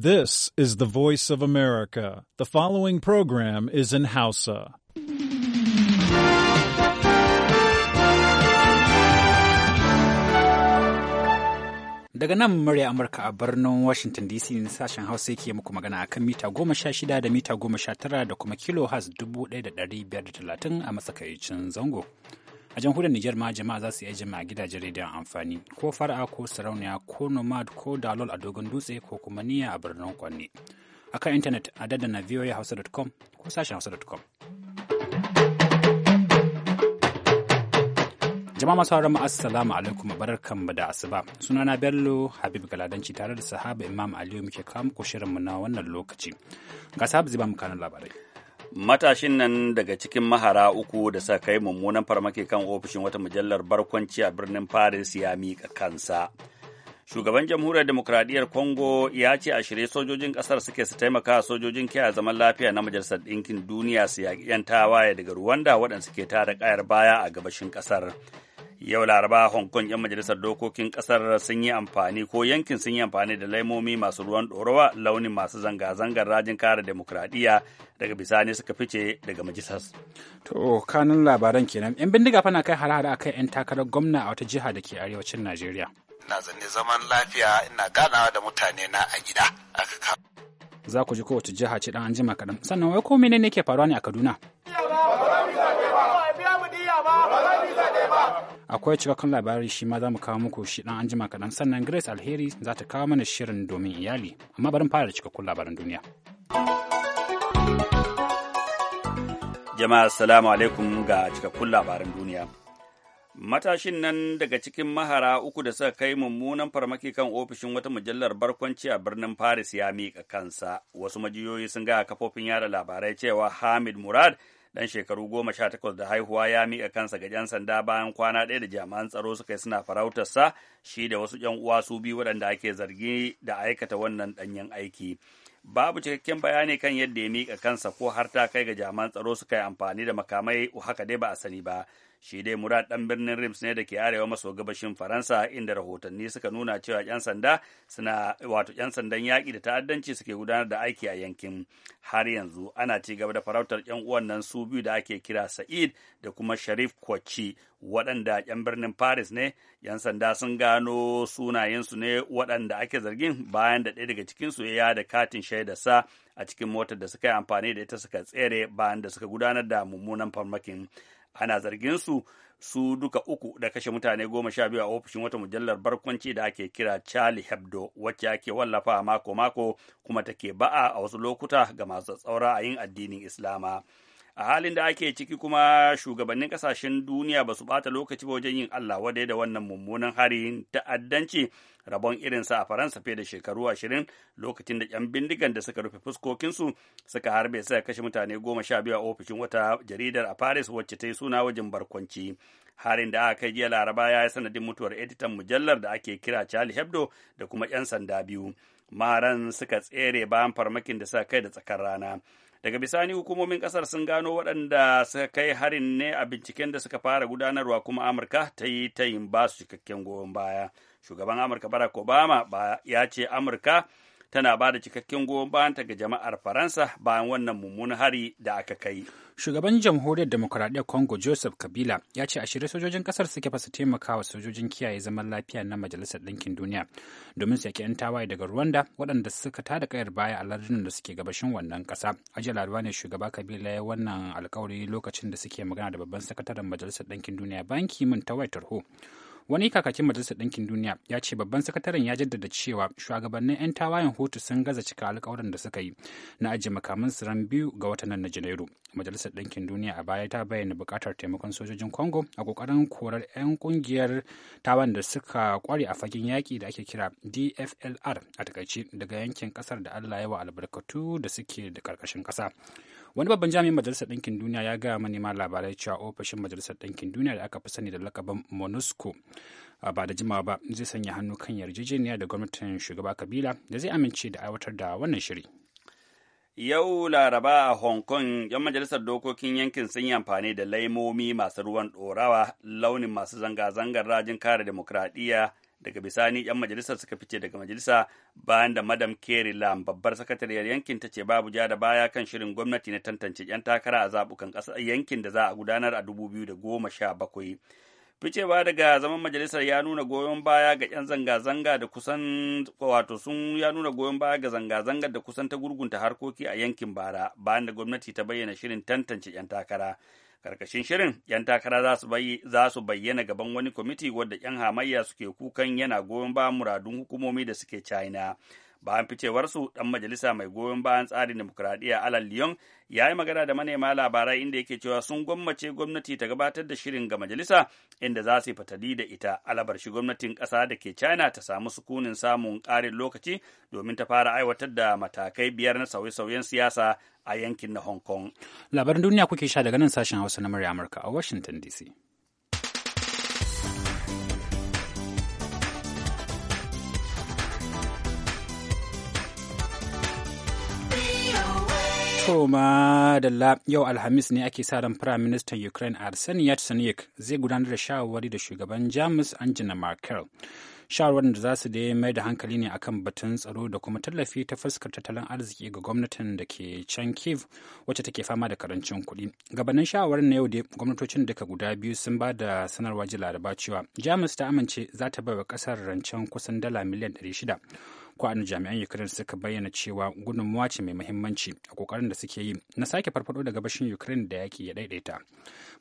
This is the voice of America. The following program is in Hausa. Daga nan murya Amurka a birnin Washington DC ne sashen Hausa yake muku magana akan mita goma sha shida da mita goma sha tara da kuma kilo has dubu ɗaya da ɗari biyar da talatin a matsakaicin zango. a jamhuriyar Nijar ma jama'a za su iya jima a gidajen rediyon amfani ko fara'a ko sarauniya ko nomad ko dalol a dogon dutse ko kuma niyya a birnin kwanne akan intanet a dadana voahausa.com ko sashen hausa.com jama'a masu haramu assalamu alaikum barar kan da asuba sunana bello habib galadanci tare da sahaba imam aliyu muke kawo muku shirinmu na wannan lokaci ga zai ba mu kanan labarai matashin nan daga cikin mahara uku da suka kai mummunan farmaki kan ofishin wata mujallar barkwanci a birnin paris ya miƙa kansa shugaban jamhuriyar demokradiyyar congo ya ce a shirye sojojin ƙasar suke su taimaka sojojin kiyaye zaman lafiya na majalisar ɗinkin duniya su yaƙi 'yan tawaye daga ruwanda waɗanda suke tara ƙayar baya a gabashin ƙasar yau laraba hong kong 'yan majalisar dokokin kasar sun yi amfani ko yankin sun yi amfani da laimomi masu ruwan dorowa launin masu zanga-zangar rajin kare demokradiyya daga bisani suka fice daga majalisar to kanun labaran kenan 'yan bindiga fana kai hare-hare akan 'yan takarar gwamna a wata jiha da ke arewacin najeriya ina zanne zaman lafiya ina ganawa da mutane na a gida aka za ku ji kowace jiha ce dan anjima kaɗan sannan wai ko menene ke faruwa ne a kaduna akwai cikakken labari shi ma za mu kawo muku shi dan anjima kaɗan sannan grace alheri za ta kawo mana shirin domin iyali amma bari fara da cikakkun labarin duniya jama'a assalamu alaikum ga cikakkun labarin duniya matashin nan daga cikin mahara uku da suka kai mummunan farmaki kan ofishin wata mujallar barkwanci a birnin paris ya miƙa kansa wasu majiyoyi sun gaya kafofin yada labarai cewa hamid murad dan shekaru goma sha takwas da haihuwa ya mika kansa ga 'yan sanda bayan kwana ɗaya da jami'an tsaro suka yi suna farautarsa shi da wasu 'yan uwa su biyu waɗanda ake zargi da aikata wannan ɗanyen aiki babu cikakken bayani kan yadda ya mika kansa ko har ta kai ga jami'an tsaro suka yi amfani da makamai haka dai ba a sani ba shi dai murad dan birnin rims ne da ke arewa maso gabashin faransa inda rahotanni suka nuna cewa yan sanda suna wato yan sandan yaƙi da ta'addanci suke gudanar da aiki a yankin har yanzu ana ci gaba da farautar yan uwan nan su biyu da ake kira sa'id da kuma sharif kwaci waɗanda yan birnin paris ne yan sanda sun gano sunayensu ne waɗanda ake zargin bayan da ɗaya daga cikinsu ya da katin shaida sa a cikin motar da suka yi amfani da ita suka tsere bayan da suka gudanar da mummunan farmakin ana zargin su su duka uku da kashe mutane goma sha biyu a ofishin wata mujallar barkwanci da ake kira Charlie Hebdo wacce ake wallafa mako-mako kuma take ba'a a wasu lokuta ga masu tsaura a yin addinin Islama. a halin da ake ciki kuma shugabannin kasashen duniya ba su bata lokaci ba wajen yin Allah wadai da wannan mummunan harin ta'addanci rabon irinsa a faransa fiye da shekaru ashirin lokacin da yan bindigan da suka rufe fuskokinsu suka harbe suka kashe mutane goma sha biyu a ofishin wata jaridar a paris wacce ta yi suna wajen barkwanci harin da aka kai jiya laraba ya yi sanadin mutuwar editan mujallar da ake kira charlie hebdo da kuma 'yan sanda biyu maran suka tsere bayan farmakin da suka kai da tsakar rana daga bisani hukumomin kasar sun gano waɗanda suka kai harin ne a binciken da suka fara gudanarwa kuma amurka ta yi tayin ba su cikakken goyon baya shugaban amurka barack obama ba ya ce amurka tana ba da cikakken goyon bayanta ga jama'ar faransa bayan wannan mummunan hari da aka kai shugaban jamhuriyar demokuraɗiyyar congo joseph kabila ya ce a shirye sojojin kasar suke fasa taimaka sojojin kiyaye zaman lafiya na majalisar ɗinkin duniya domin su yaki 'yan tawaye daga rwanda waɗanda suka tada kayar baya a lardunan da suke gabashin wannan ƙasa jiya laruwa ne shugaba kabila ya wannan alkawari lokacin da suke magana da babban sakataren majalisar ɗinkin duniya banki min ta waitar ho wani kakakin majalisar ɗinkin duniya ya ce babban sakataren ya jaddada cewa shugabannin 'yan tawayen hutu sun gaza cika alkawarin da suka yi na ajiye makaman su ran biyu ga watan na janairu majalisar ɗinkin duniya a baya ta bayyana buƙatar taimakon sojojin congo a ƙoƙarin korar 'yan ƙungiyar tawan da suka ƙware a fagen yaƙi da ake kira dflr a takaice daga yankin ƙasar da allah yawa albarkatu da suke da ƙarƙashin ƙasa wani babban jami'in majalisar ɗinkin duniya ya gaya manema labarai cewa ofishin majalisar ɗinkin duniya da aka fi sani da lakabin monusco a ba da jimawa ba zai sanya hannu kan yarjejeniya da gwamnatin shugaba kabila da zai amince da aiwatar da wannan shiri Yau Laraba a Hong Kong, 'yan majalisar dokokin yankin sun yi amfani da laimomi masu ruwan ɗorawa launin masu zanga-zangar rajin kare demokradiyya daga bisani 'yan majalisar suka fice daga majalisa bayan da madam kerry lam babbar sakatariyar yankin ta ce babu ja da baya kan shirin gwamnati na tantance 'yan takara a zabukan kasa yankin da za a gudanar a 2017 ficewa daga zaman majalisar ya nuna goyon baya ga 'yan zanga-zanga da kusan wato sun ya nuna goyon baya ga zanga-zangar da kusan ta gurgunta harkoki a yankin bara bayan da gwamnati ta bayyana shirin tantance 'yan takara karkashin shirin yan takara za su bayyana gaban wani kwamiti wadda yan hamayya suke kukan yana goyon ba muradun hukumomi da suke china bayan ficewarsu dan majalisa mai goyon bayan tsarin demokuraɗiyya alan lyon ya yi magana da manema labarai inda yake cewa sun gwammace gwamnati ta gabatar da shirin ga majalisa inda za su yi fatali da ita alabar shi gwamnatin ƙasa da ke china ta samu sukunin samun ƙarin lokaci domin ta fara aiwatar da matakai biyar na sauye-sauyen siyasa a yankin na hong kong labaran duniya kuke sha daga nan sashen hausa na murya amurka a washington dc To madalla yau Alhamis ne ake sa ran Prime Minister Ukraine Arseniy Yatsenyuk zai gudanar da shawarwari da shugaban Jamus Angela Merkel. Shawarwarin da za su dai mai da hankali ne akan batun tsaro da kuma tallafi ta fuskar tattalin arziki ga gwamnatin da ke can Kiev wacce take fama da karancin kuɗi. Gabanin shawarwarin na yau da gwamnatocin daga guda biyu sun ba da sanarwa ji laraba cewa Jamus ta amince za ta bai wa kasar rancen kusan dala miliyan 600 kwanan jami'an ukraine suka bayyana cewa gudunmawa ce mai muhimmanci a kokarin da suke yi na sake farfado da gabashin ukraine da yaƙi ya daidaita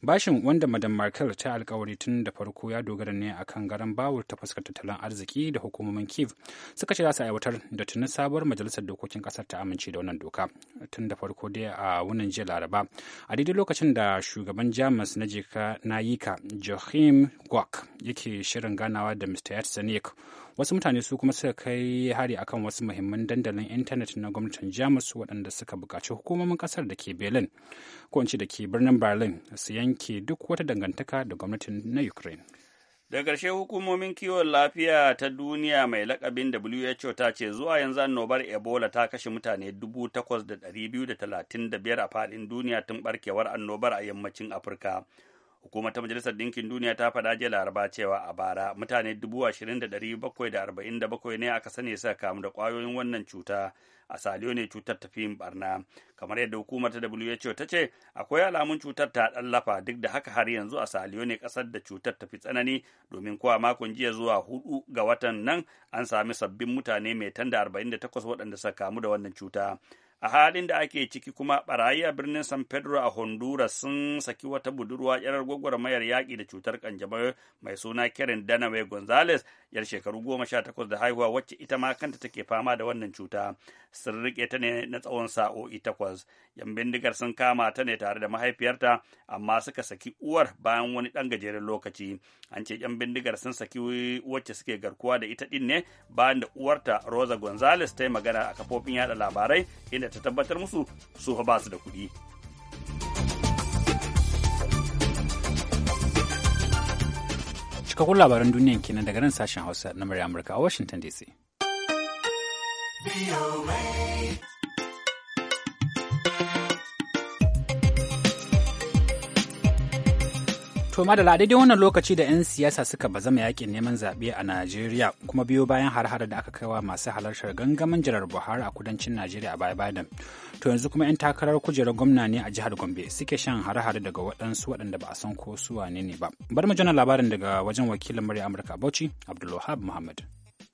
bashin wanda madam Merkel ta alkawari tun da farko ya dogara ne a kan garan bawul ta fuskar tattalin arziki da hukumomin kiev suka ce za su aiwatar da tuni sabuwar majalisar dokokin kasar ta amince da wannan doka tun da farko dai a wannan jiya laraba a daidai lokacin da shugaban jamus na jika yika joachim gwak yake shirin ganawa da mr yatsenik wasu mutane su kuma suka kai hari akan wasu muhimman dandalin intanet na gwamnatin jamus waɗanda suka buƙaci hukumomin ƙasar da ke berlin ko da ke birnin berlin su yanke duk wata dangantaka da gwamnatin na ukraine da ƙarshe hukumomin kiwon lafiya ta duniya mai lakabin who ta ce zuwa yanzu annobar ebola ta kashe mutane 8,235 a faɗin duniya tun barkewar annobar a yammacin afirka Hukumar ta Majalisar Ɗinkin Duniya ta faɗa jiya Laraba cewa a bara mutane dubu ashirin da da da bakwai arba'in bakwai ne aka sani suka kamu da ƙwayoyin wannan cuta a saliyo ne cutar tafi yin barna. Kamar yadda hukumar ta WHO ta ce akwai alamun cutar ta ɗallafa duk da haka har yanzu a saliyo ne ƙasar da cutar tafi tsanani domin kowa makon jiya zuwa hudu ga watan nan an sami sabbin mutane mai da takwas waɗanda suka kamu da wannan cuta. a halin da ake ciki kuma ɓarayi a birnin san pedro a honduras sun saki wata budurwa yarar gwagwarmayar yaƙi da cutar kanjamau mai suna kerin danaway gonzales yar shekaru goma sha takwas da haihuwa wacce ita ma kanta take fama da wannan cuta sun riƙe ta ne na tsawon sa'o'i takwas yan bindigar sun kama ta ne tare da mahaifiyarta amma suka saki uwar bayan wani ɗan gajeren lokaci an ce yan bindigar sun saki wacce suke garkuwa da ita ɗin ne bayan da uwarta rosa gonzales ta yi magana a kafofin yada labarai inda isra'ila ta tabbatar musu su ba su da kuɗi cikakkun labaran duniyan kenan daga nan sashen hausa na murya amurka a washington dc To da daidai wannan lokaci da 'yan siyasa suka bazama yakin neman zaɓe a Najeriya kuma biyo bayan har da aka kai wa masu halartar gangamin jirar Buhari a kudancin Najeriya a baya-bayan. To yanzu kuma 'yan takarar kujerar gwamna ne a jihar Gombe suke shan har-hare daga waɗansu waɗanda ba a san ko su wane ne ba. Bar mu jana labarin daga wajen wakilin murya Amurka Bauchi Abdulwahab Muhammad.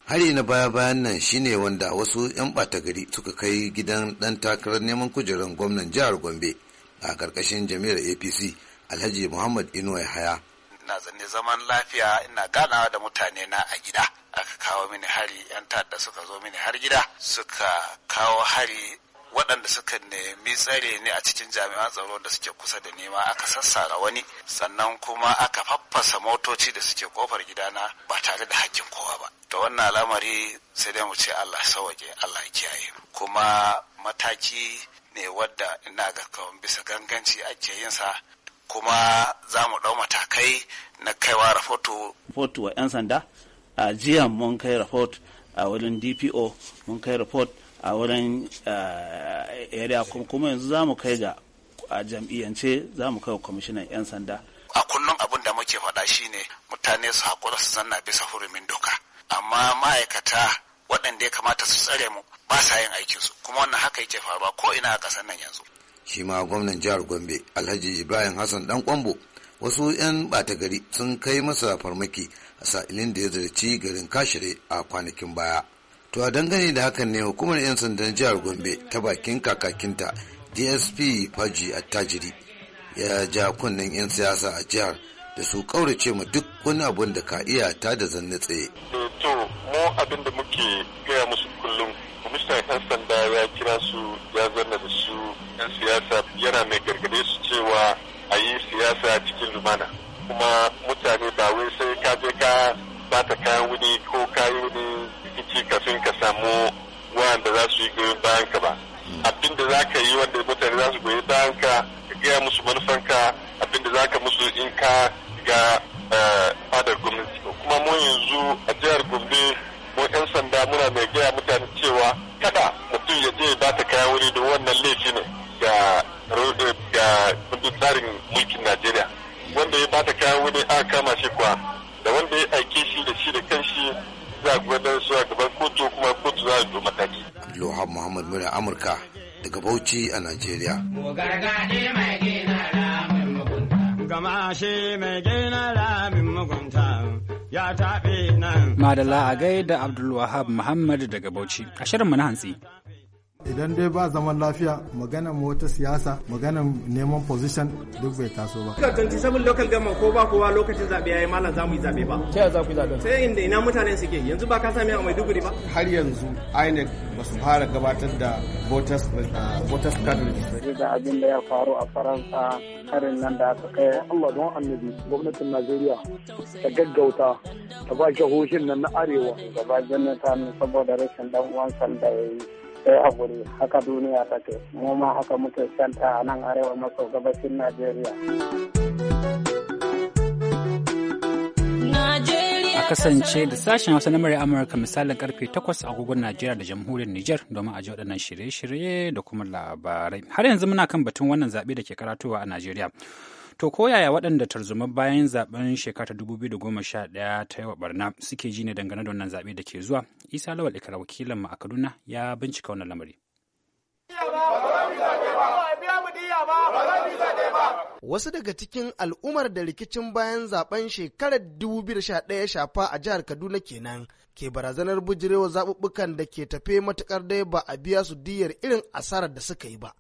hari na baya bayan nan shine wanda wasu 'yan ɓata gari suka kai gidan ɗan takarar neman kujerar gwamnan jihar gombe a ƙarƙashin jami'ar apc alhaji muhammad ya haya ina zanne zaman lafiya ina ganawa da mutane na a gida aka kawo mini hari yan ta'adda suka zo mini har gida suka kawo hari waɗanda suka nemi tsare ne a cikin jami'an tsaro da suke kusa da nema aka sassara wani sannan kuma aka faffasa motoci da suke kofar gidana ba tare da hakkin kowa ba Da wannan al'amari sai dai mu ce Allah sauke Allah kiyaye kuma mataki ne wadda ina ga kawon bisa ganganci ake yin kuma za mu ɗau matakai na kaiwa rahoto. Rahoto wa 'yan sanda a jiya mun kai rahoto a wurin dpo mun kai rahoto a wurin eh, area kuma yanzu za mu kai ga a jam'iyyance za mu kai wa kwamishinan 'yan sanda. A kullum abin da muke faɗa shi ne mutane su haƙura su zanna bisa hurumin doka amma ma'aikata waɗanda ya kamata su tsare mu ba sa yin aikinsu kuma wannan haka yake faruwa ko ina a ƙasar nan yanzu. shi ma gwamnan jihar gombe alhaji ibrahim hassan dan kwambo wasu 'yan bata gari sun kai masa farmaki a sa'ilin da ya zarci garin kashire a kwanakin baya to a dangane da hakan ne hukumar 'yan sandan jihar gombe ta bakin kakakinta dsp faji attajiri ya ja kunnen 'yan siyasa a jihar da su kaurace ma duk wani abun da ka iya ta da zanne tsaye. to mu abin da muke gaya musu kullum kwamishinan 'yan sanda ya kira su ya zanna da 'yan siyasa yana mai gargade su cewa a yi siyasa cikin lumana kuma mutane ba wai sai ka je ka bata kayan wuni ko kayi wuni rikici kafin ka samu wanda za su yi goyon bayan ka ba abin da za ka yi wanda mutane za su goyi bayan ka ka gaya musu manufanka abin da za ka musu in ka ga eh, fadar gwamnati kuma mun yanzu a jihar gombe mu 'yan sanda muna mai gaya mutane cewa kada mutum ya je ba ta kaya wuri don wannan laifi ne ga kundin tsarin mulkin najeriya wanda ya ba ta kaya wuri aka kama shi kuwa da wanda ya aike shi da shi da kan shi za a gudanar su a gaban kotu kuma kotu za a yi mataki. Lohan Muhammad Mura Amurka daga Bauchi a Najeriya. Gama shi mai gina ramin mugunta. ya taɓe nan. madala a gaida Abdulwahab Muhammad daga Bauchi. A shirinmu na hantsi. idan dai ba zaman lafiya mu wata siyasa magana neman position duk bai taso ba. Ga samun local government ko ba kowa lokacin zaɓe yayi malam za mu yi zaɓe ba. Ta za ku yi zaɓe? Sai inda ina mutanen suke yanzu ba ka sami a Maiduguri ba. Har yanzu INEC ba su fara gabatar da voters uh, voters card Da abin da ya faru a Faransa harin nan da aka kai Allah don annabi gwamnatin Najeriya ta gaggauta ta ba jihohin nan na arewa gaba jannata ne saboda rashin dan uwan sanda ya yi sai a haka duniya take mu ma haka muke santa a nan arewa maso gabashin Najeriya. Najeriya a kasance da sashen Hausa na murya Amurka misalin karfe 8 agogon Najeriya da jamhuriyar Nijar domin a ji waɗannan shirye-shirye da kuma labarai. Har yanzu muna kan batun wannan zaɓe da ke karatowa a Najeriya. To koyaya yaya waɗanda tarzoma bayan zaben shekara ta 2011 ta yi wa barna suke ji ne dangane da wannan zaɓe da ke zuwa? Isa Lawal Ikara wakilan mu a Kaduna ya bincika wannan lamari. Wasu daga cikin al'ummar da rikicin bayan zaben shekarar 2011 ya shafa a jihar Kaduna kenan ke barazanar bujirewa zaɓuɓɓukan da ke tafe matuƙar dai ba a biya su diyar irin asarar da suka yi ba.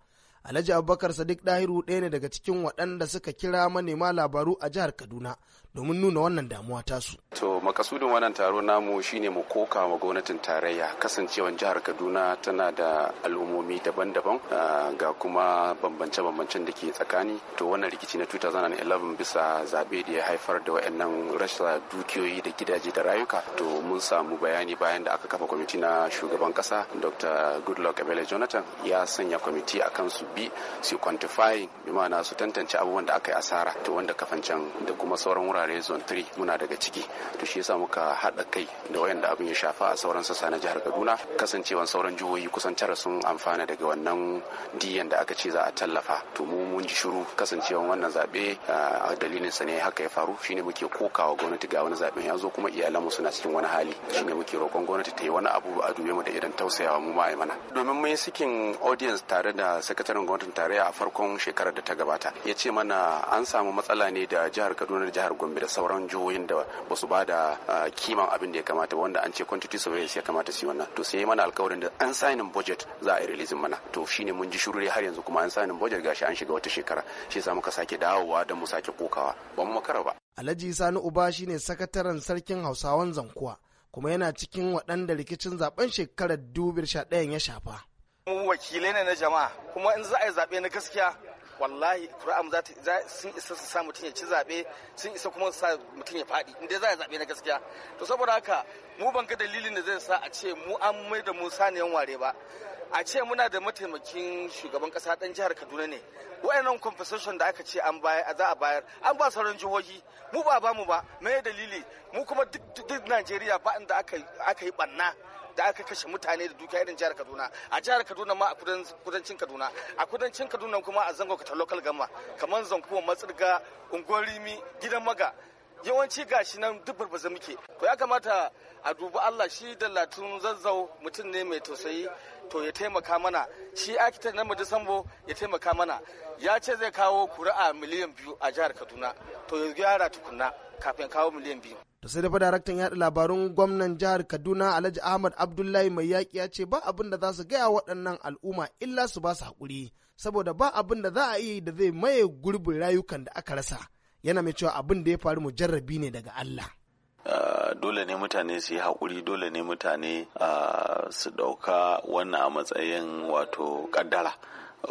Alhaji Abubakar Sadiq Dahiru ɗaya ne daga cikin waɗanda suka kira manema labaru a jihar Kaduna domin nuna wannan damuwa tasu. To makasudin wannan taro namu shine mu koka wa gwamnatin tarayya kasancewan jihar Kaduna tana da al'ummomi daban-daban ah, ga kuma bambance-bambancen da ke tsakani. To wannan rikici na 2011 bisa zaɓe da ya haifar da wayannan rashin dukiyoyi da gidaje da rayuka. To mun samu bayani bayan da aka kafa kwamiti na shugaban kasa Dr. Goodluck Abele Jonathan ya sanya kwamiti akan su bi su quantify bi ma'ana su tantance abubuwan da aka yi asara to wanda kafancan da kuma sauran wurare wurare zone 3 muna daga ciki to shi yasa muka haɗa kai da wayanda abin ya shafa a sauran sassa na jihar kaduna kasancewan sauran jihohi kusan tara sun amfana daga wannan diyan da aka ce za a tallafa to mu mun ji shiru kasancewan wannan zabe ah, a dalilin sa ne haka ya faru shine muke kokawa gwamnati ga wani zaɓen ya zo kuma iyalanmu suna cikin wani hali shine muke roƙon gwamnati ta yi wani abu a dube mu da irin tausayawa mu ma mana domin mun yi sikin audience tare da sakataren gwamnatin tarayya a farkon shekarar da ta gabata ya ce mana an samu matsala ne da jihar kaduna da jihar gombe gombe da sauran jihohin da ba su ba da kiman abin da ya kamata wanda an ce quantity surveillance ya kamata su wannan to sai mana alkawarin da an sainin budget za a yi mana to shine mun ji shiru har yanzu kuma an sainin budget gashi an shiga wata shekara shi yasa muka sake dawowa da mu sake kokawa ba mu makara ba Alhaji Sani Uba shine sakataren sarkin Hausawan Zankuwa kuma yana cikin waɗanda rikicin zaben shekarar 2011 ya shafa. Mu wakilai ne na jama'a kuma in za a yi zaɓe na gaskiya wallahi ƙura'an sun isa su sa mutum ya ci zaɓe sun isa kuma su sa mutum ya faɗi inda za a zaɓe na gaskiya to saboda haka mu ban ga dalilin da zai sa a ce mu an mai da mu saniyan ware ba a ce muna da mataimakin shugaban kasa dan jihar kaduna ne wayannan compensation da aka ce an bayar za a bayar an ba sauran jihohi mu ba ba mu ba mai dalili mu kuma duk najeriya ba inda aka yi banna da aka kashe mutane da dukiya irin jihar Kaduna a jihar Kaduna ma a kudancin Kaduna a kudancin Kaduna kuma a zango ta local gama kamar zankuwa matsirga ungorimi gidan maga yawanci gashi nan duk barbaza muke to ya kamata a dubi Allah shi da latun zazzau mutum ne mai tausayi to ya taimaka mana shi akita na madisambo ya taimaka mana ya ce zai kawo kuri'a miliyan biyu a jihar kaduna to ya gyara tukunna kafin kawo miliyan biyu to sai dafa daraktan yaɗa labarun gwamnan jihar kaduna alhaji ahmad abdullahi mai yaƙi ya ce ba abin da za su gaya waɗannan al'umma illa su ba su haƙuri saboda ba abin da za a yi da zai maye gurbin rayukan da aka rasa yana mai cewa abin da ya faru mu jarrabi ne daga allah ah, dole ne mutane su yi haƙuri dole ne mutane ah, su ɗauka wannan a matsayin wato ƙaddara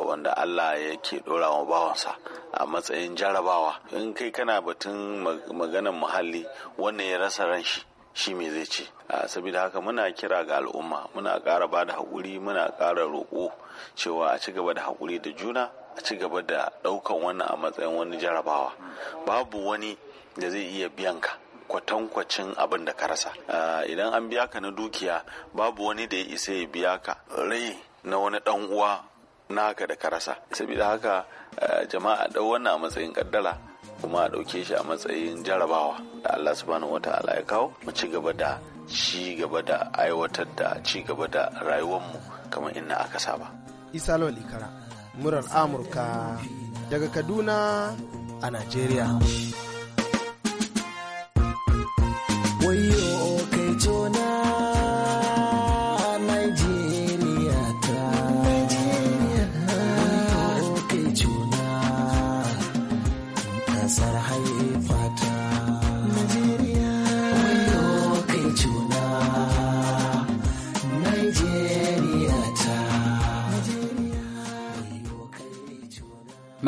wanda Allah yake dora wa bawansa a matsayin jarabawa in kai kana batun maganan muhalli wanda ya rasa ran shi shi me zai ce saboda haka muna kira ga al'umma muna ƙara ba da haƙuri muna ƙara roƙo cewa a ci gaba da haƙuri da juna a ci gaba da ɗaukan wannan a matsayin wani jarabawa babu wani da zai iya biyan ka kwatankwacin abin da ka rasa idan an biya ka na dukiya babu wani da ya isa ya biya ka rai na wani ɗan uwa naka da karasa rasa saboda haka eh, jama'a ɗau wannan a matsayin kaddara kuma a ɗauke shi a matsayin jarabawa da Allah subhanahu ta'ala ya kawo mu ci gaba da ci gaba da aiwatar da ci gaba da rayuwar rayuwarmu kamar inna aka saba isa lawal ikara murar amurka daga kaduna a najeriya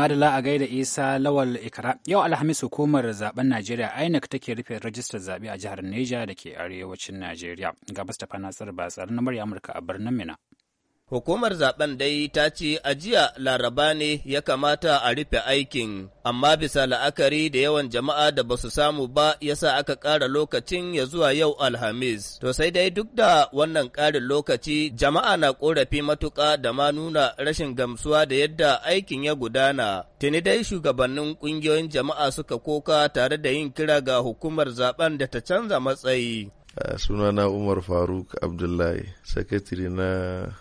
Madala a gaida Isa Lawal Ikra. Yau Alhamis hukumar zaben Najeriya INEC take rufe rajistar zaɓe a jihar Neja da ke arewacin Najeriya. Ga Mustapha Nasir ba tsare na murya Amurka a birnin Mina. Hukumar zaben dai ta ce a jiya laraba ne ya kamata a rufe aikin, amma bisa la'akari da yawan jama'a da ba su samu ba yasa aka ƙara lokacin ya zuwa yau Alhamis. To sai dai duk da wannan ƙarin lokaci jama'a na ƙorafi matuƙa da ma nuna rashin gamsuwa da yadda aikin ya gudana. Tuni dai shugabannin ƙungiyoyin jama'a suka koka tare da yin kira ga hukumar zaben da ta canza matsayi. sunana umar faruk abdullahi sakatiri na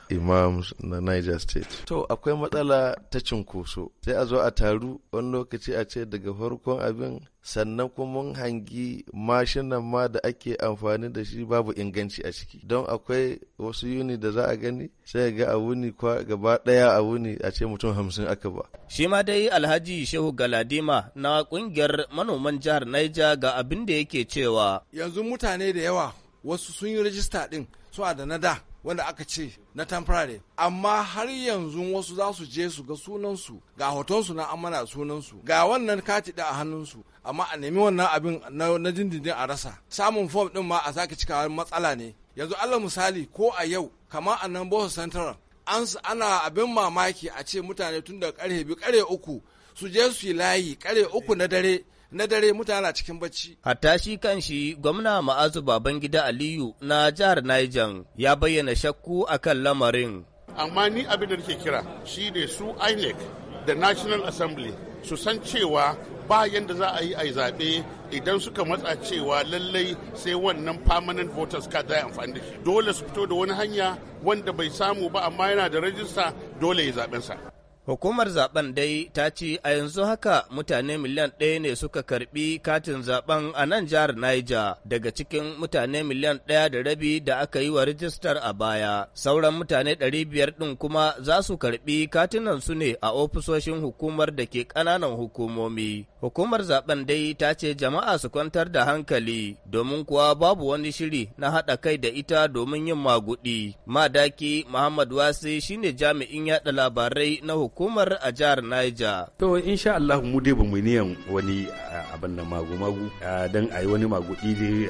imams na niger state to akwai matsala ta cinkoso sai a zo a taru wani lokaci a ce daga farkon abin sannan kuma mun hangi mashinan ma da ake amfani da shi babu inganci a ciki don akwai wasu yuni da za a gani sai ga a wuni kwa gaba daya a wuni a ce mutum hamsin aka ba shi ma dai alhaji shehu galadima na kungiyar manoman jihar naija ga abin da yake cewa yanzu mutane da yawa wasu sun yi rajista din su a da na da wanda aka ce na temporary amma har yanzu wasu za su je su ga sunansu ga hotonsu na amana sunansu ga wannan kati da a hannunsu amma a nemi wannan abin na dindindin a rasa samun fom din ma a zaki cikawa matsala ne yanzu allah misali ko a yau kama a nan bosa central an ana abin mamaki a ce mutane tun da karhe biyu kare uku su je su yi layi kare uku na dare na dare mutane cikin bacci. Hatta shi kan shi gwamna ma'azu Babangida Aliyu na jihar Niger ya bayyana shakku a kan lamarin. Amma ni abin da nake kira shi ne su INEC da National Assembly su san cewa bayan da za a yi a zaɓe idan suka matsa cewa lallai sai wannan permanent voters card za amfani da shi dole su fito da wani hanya wanda bai samu ba amma yana da rajista dole ya zaɓensa. Hukumar zaben dai ta ce a yanzu haka mutane miliyan ɗaya ne suka karbi katin zaben a nan jihar Niger daga cikin mutane miliyan ɗaya da rabi da aka yi wa rijistar a baya. Sauran mutane ɗari biyar ɗin kuma za su karbi katinan su ne a ofisoshin hukumar da ke ƙananan hukumomi. Hukumar zaben dai ta ce jama'a su kwantar da hankali domin kuwa babu wani shiri na haɗa kai da ita domin yin maguɗi. Madaki Muhammad Wasi shine jami'in yaɗa labarai na hukumar hukumar a jihar Niger. To insha Allah mu dai ba mu niyan wani abin nan magu magu dan ayi wani magu ne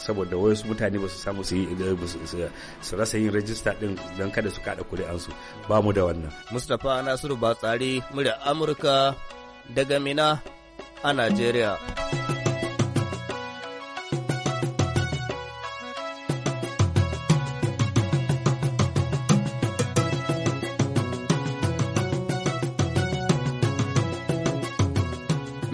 saboda wasu mutane ba su samu su eh, su rasa yin rajista din dan kada su kada kuri'ansu ba mu da wannan. Mustapha Nasiru Batsari murya Amurka daga Mina a Najeriya.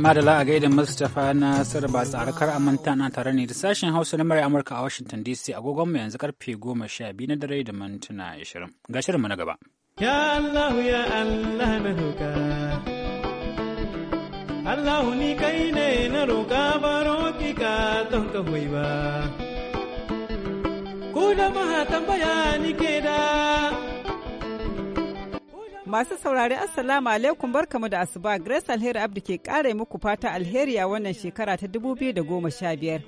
Madala a gaida Mustapha na sarba tsarkar amanta na tare ne da sashen Hausa na murya Amurka a Washington DC agogon mu yanzu karfe goma sha biyu na dare da mintuna ashirin. Ga shirinmu na gaba. Ya Allah ya na Allah ni kai ne na roƙa baro ki ka don ka hoyi ba. Ku da ni ke da Masu saurari Assalamu alaikum barkamu da asuba Grace Alheri Abdu ke kare muku fata alheri a wannan shekara ta sha biyar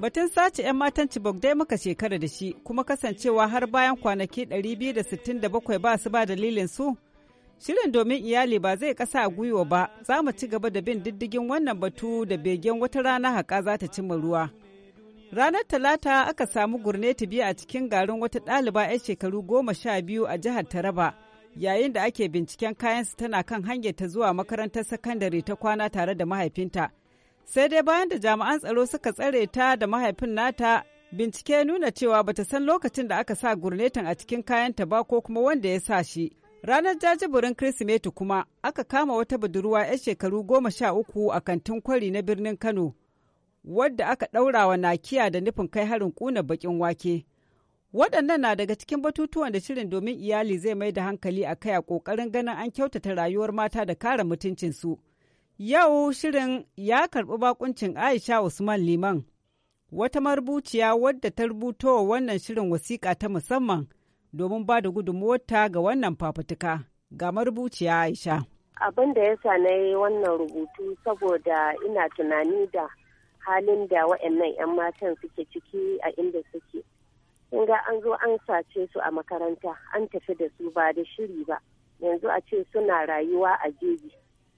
Batun sace 'yan matan Chibok dai muka shekara da shi kuma kasancewa har bayan kwanaki ɗari biyu da da sittin bakwai ba su ba dalilin su. Shirin domin iyali ba zai kasa a gwiwa ba za mu ci gaba da bin diddigin wannan batu da begen wata rana haƙa za ta cimma ruwa. Ranar Talata aka samu gurneti biyu a cikin garin wata ɗaliba 'yan shekaru goma sha biyu a jihar Taraba. yayin da ake binciken kayansu tana kan hanyar ta zuwa makarantar sakandare ta kwana tare da mahaifinta. Sai dai bayan da jami'an tsaro suka tsare ta da mahaifin nata bincike nuna cewa bata san lokacin da aka sa gurnetin a cikin kayanta ba ko kuma wanda ya sa shi. Ranar jajiburin Kirsimeti kuma aka kama wata budurwa 'yar shekaru goma sha uku a kantin kwari na birnin Kano, wadda aka ɗaurawa na nakiya da nufin kai harin kuna bakin wake. Waɗannan na daga cikin batutuwan da shirin domin iyali zai mai da hankali a kai a ƙoƙarin ganin an kyautata rayuwar mata da kare mutuncinsu. Yau shirin ya karɓi bakuncin Aisha Usman Liman, wata marubuciya wadda ta rubuto wa wannan shirin wasiƙa ta musamman domin ba da gudunmuwarta ga wannan fafutuka. Ga marubuciya Aisha. Abin da ya sa na yi wannan rubutu saboda ina tunani da halin da waɗannan 'yan matan suke ciki a inda suke. sun ga an zo an sace su a makaranta an tafi da su ba da shiri ba yanzu a ce suna rayuwa a jeji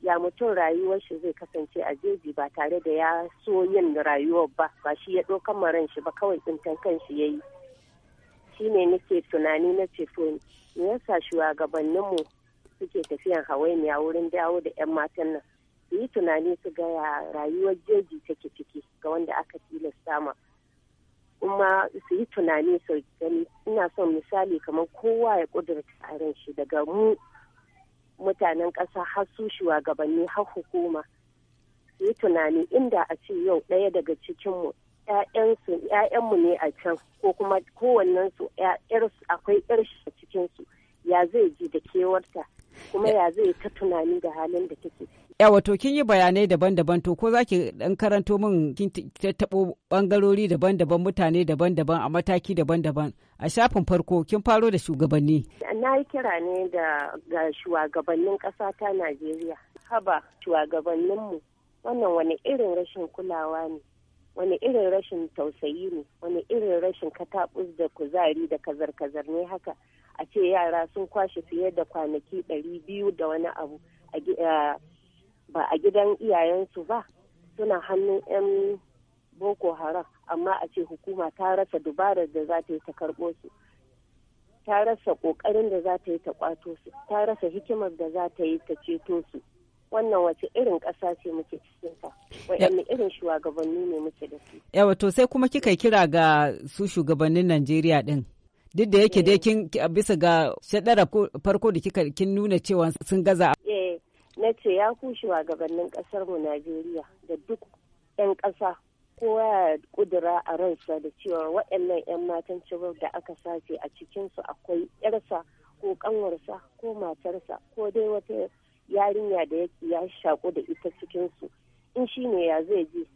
ya mutum rayuwar shi zai kasance a jeji ba tare da ya so yin rayuwar ba ba shi ya ɗaukan kamaran shi ba kawai tsintan kan shi ya yi shi ne nake tunani na ce ya sa yasa shugabanninmu suke tafiyan hawainiya wurin dawo da 'yan matan nan su yi tunani su gaya rayuwar jeji take ciki ga wanda aka tilasta ma kuma su yi tunani sau gani ina son misali kamar kowa ya kudurta a ran shi daga mu mutanen ƙasa har su shugabanni har hukuma su yi tunani inda a ce yau ɗaya daga cikinmu ‘ya'yanmu ne a can ko kuma kowannensu akwai yar shi a cikinsu ya zai ji da kewarta kuma ya zai ta tunani da halin da take yawa to kin yi bayanai daban-daban to ko za ki ɗan karanto min kin taɓo bangarori daban-daban mutane daban-daban a mataki daban-daban. A shafin farko kin faro da shugabanni. Na yi kira ne da ga shugabannin kasa ta Najeriya. Haba shugabanninmu wannan wani irin rashin kulawa ne. wani irin rashin tausayi ne wani irin rashin katabus da kuzari da kazar-kazar ne haka a ce yara sun kwashe fiye da kwanaki ɗari biyu da wani abu ba a gidan iyayensu ba suna hannun 'yan boko haram amma a ce hukuma ta rasa dubarar da za ta yi ta karɓo su ta rasa ƙoƙarin da za ta yi ta ƙwato su ta rasa hikimar da za ta yi ta ceto su wannan wace irin ƙasa ce muke cikinta waɗanne irin shugabanni ne muke da su yawa to sai kuma kika kira ga su shugabannin najeriya din duk da yake dai kin bisa ga shaɗara farko da kika kin nuna cewa sun gaza na ce ya ku shugabannin mu najeriya da duk 'yan ƙasa kowa ya kudura a ransa da cewa waɗannan 'yan matan cibar da aka sace a cikinsu akwai 'yarsa ko ƙanwarsa ko matarsa ko dai wata yarinya da ya shaku da ita cikinsu in shi ne ya zai ji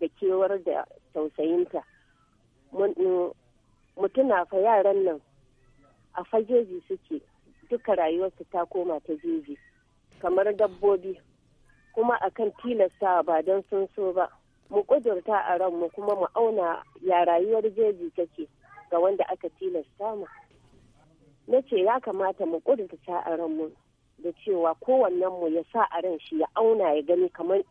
da kewar da tausayinta mutuna fa yaran nan a fajeji suke duka rayuwarsu ta koma ta jeji kamar dabbobi kuma akan tilasta ba don sun so ba mu kudurta a ranmu kuma mu auna ya rayuwar jeji take ga wanda aka tilasta mu na ce ya kamata mu kudurta a ranmu da cewa mu ya sa a ran shi ya auna ya gani kamar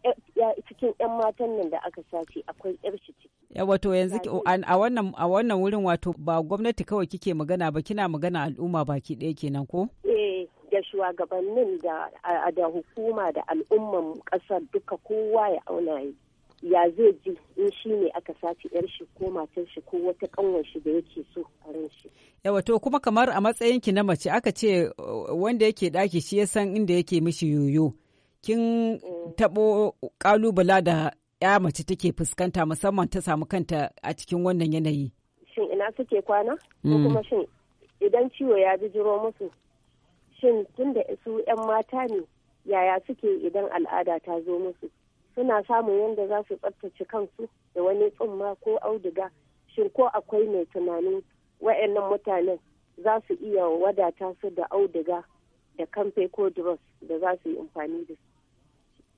cikin 'yan matan nan da aka sace akwai 'yar shi ciki. wato yanzu a wannan wurin wato ba gwamnati kawai kike magana ba kina magana al'umma baki ɗaya kenan ko? Eh da shugabannin da hukuma da al'umman kasar duka kowa ya auna ya zai ji in shi ne aka sace yar shi ko matar shi ko wata kanwar shi da yake so a ran shi. Yawa to kuma kamar a matsayin ki na mace aka ce uh, wanda yake daki shi ya san inda yake mishi yoyo. Kin mm. tabo kalubala da ya mace take fuskanta musamman ta samu kanta a cikin wannan yanayi. Shin ina suke kwana? Ko mm. kuma shin idan ciwo ya jiro musu shin tunda su 'yan mata ne yaya suke idan al'ada ta zo musu suna samun yadda za su tsabtace kansu da wani tsumma ko auduga shin ko akwai mai tunanin wa'annan mutanen za su iya wadata su da auduga da kamfe ko duros da za su yi amfani da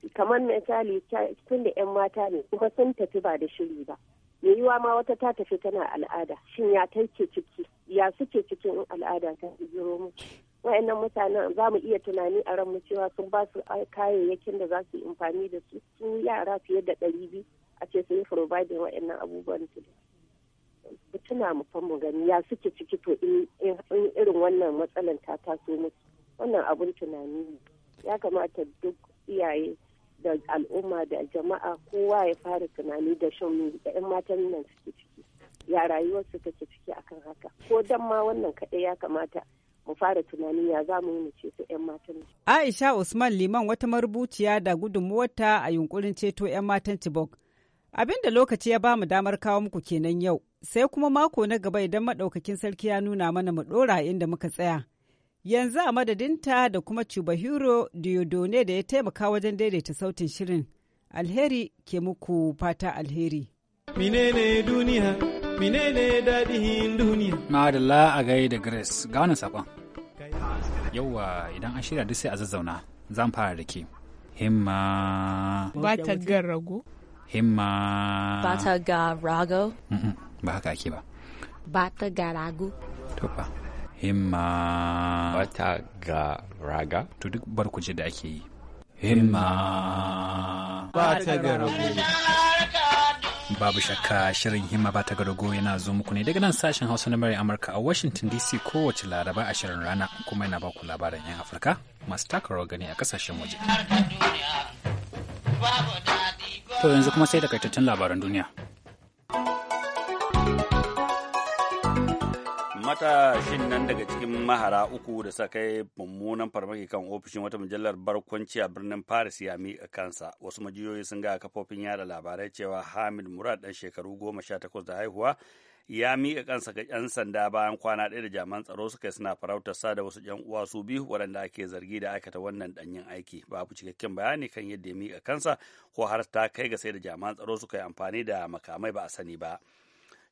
su kamar misali tun da 'yan mata ne kuma sun tafi ba da shiri ba me yiwa ma wata ta tafi tana al'ada shin ya take ciki ya suke cikin al'ada ta jiro musu wayannan mutanen za mu iya tunani a ranmu cewa sun ba su kayayyakin da za su yi amfani da su su yara fiye da ɗari biyu a ce sun yi providing wayannan abubuwan su mu tuna mu fa mu gani ya suke ciki to in irin wannan matsalan ta taso musu wannan abun tunani ne ya kamata duk iyaye da al'umma da jama'a kowa ya fara tunani da shan da 'yan matan nan suke ciki ya rayuwarsu take ciki akan haka ko dan ma wannan kaɗai ya kamata mu fara tunani ya za mu yi mu ceto 'yan matan. Aisha Usman Liman wata marubuciya da gudunmuwarta a yunkurin ceto 'yan matan Chibok. Abin da lokaci ya ba mu damar kawo muku kenan yau, sai kuma mako na gaba idan maɗaukakin sarki ya nuna mana mu ɗora inda muka tsaya. Yanzu a madadinta da kuma hero Diodone da ya taimaka wajen daidaita sautin shirin. Alheri ke muku fata alheri. Menene duniya? menene daɗin duniya madalla a gai da grace ga wani sakon yauwa idan an shirya duk sai a zazzauna zan fara da ke himma ba ta ga rago himma ba ta ga rago ba haka ake ba ba ta ga rago to ba himma Ba ta ga raga to duk barkuje da ake yi himma ba ta ga rago Babu shakka shirin himma ba ta garago yana zo muku ne daga nan sashen Hausa na Murya Amurka a Washington DC kowace Laraba a shirin rana kuma yana ba ku labaran 'yan Afirka masu takarar gani a kasashen waje. To yanzu kuma sai da labaran duniya. matashin nan daga cikin mahara uku da sa kai mummunan farmaki kan ofishin wata mujallar barkwanci a birnin paris ya miƙa kansa wasu majiyoyi sun ga kafofin yada labarai cewa hamid murad dan shekaru goma sha takwas da haihuwa ya miƙa kansa ga 'yan sanda bayan kwana ɗaya da jaman tsaro suka suna sa da wasu 'yan uwa su biyu waɗanda ake zargi da aikata wannan ɗanyen aiki babu cikakken bayani kan yadda ya miƙa kansa ko har ta kai ga sai da jaman tsaro suka yi amfani da makamai ba a sani ba.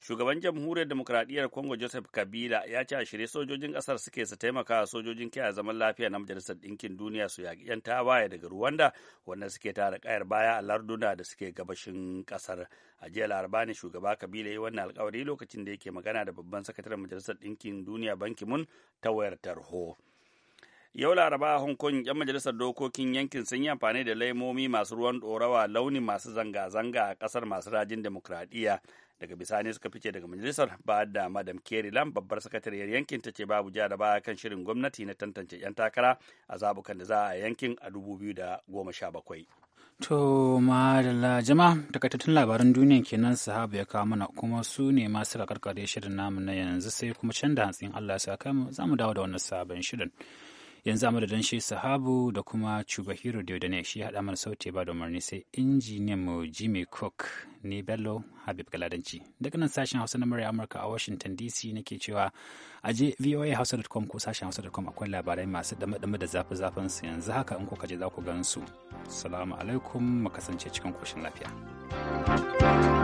shugaban jamhuriyar demokradiyyar congo joseph kabila ya ce a shirye sojojin kasar suke su taimaka sojojin kiyaye zaman lafiya na majalisar ɗinkin duniya su yaƙi 'yan tawaye daga rwanda wanda suke tara kayar baya a larduna da suke gabashin kasar a jiya laraba ne shugaba kabila ya yi wannan alkawari lokacin da yake magana da babban sakataren majalisar ɗinkin duniya banki mun ta wayar tarho. yau laraba a hong kong yan majalisar dokokin yankin sun yi amfani da laimomi masu ruwan ɗorawa launin masu zanga-zanga a kasar masu rajin demokradiyya daga bisani suka fice daga majalisar ba da madam kerry lam babbar sakatariyar yankin ta ce babu ja da baya kan shirin gwamnati na tantance 'yan takara a zabukan da za a yankin a 2017 To madalla jama'a takaitattun labaran duniya kenan sahabu ya kawo mana kuma su ne masu rakarkare shirin namu na yanzu sai kuma can da hantsin Allah ya sa mu za mu dawo da wannan sabon shirin. yanzu da madadin shi sahabu da kuma chubahiro diodane shi haɗa mana sauti ba da umarni sai injiniyan mu jimmy cook ne bello habib galadanci daga nan sashen hausa na murya amurka a washington dc nake cewa aje hausa.com ko sashen hausa.com akwai labarai masu dama-dama da zafi-zafin su yanzu haka in kuka je za ku gan su salamu alaikum mu kasance cikin koshin lafiya thank you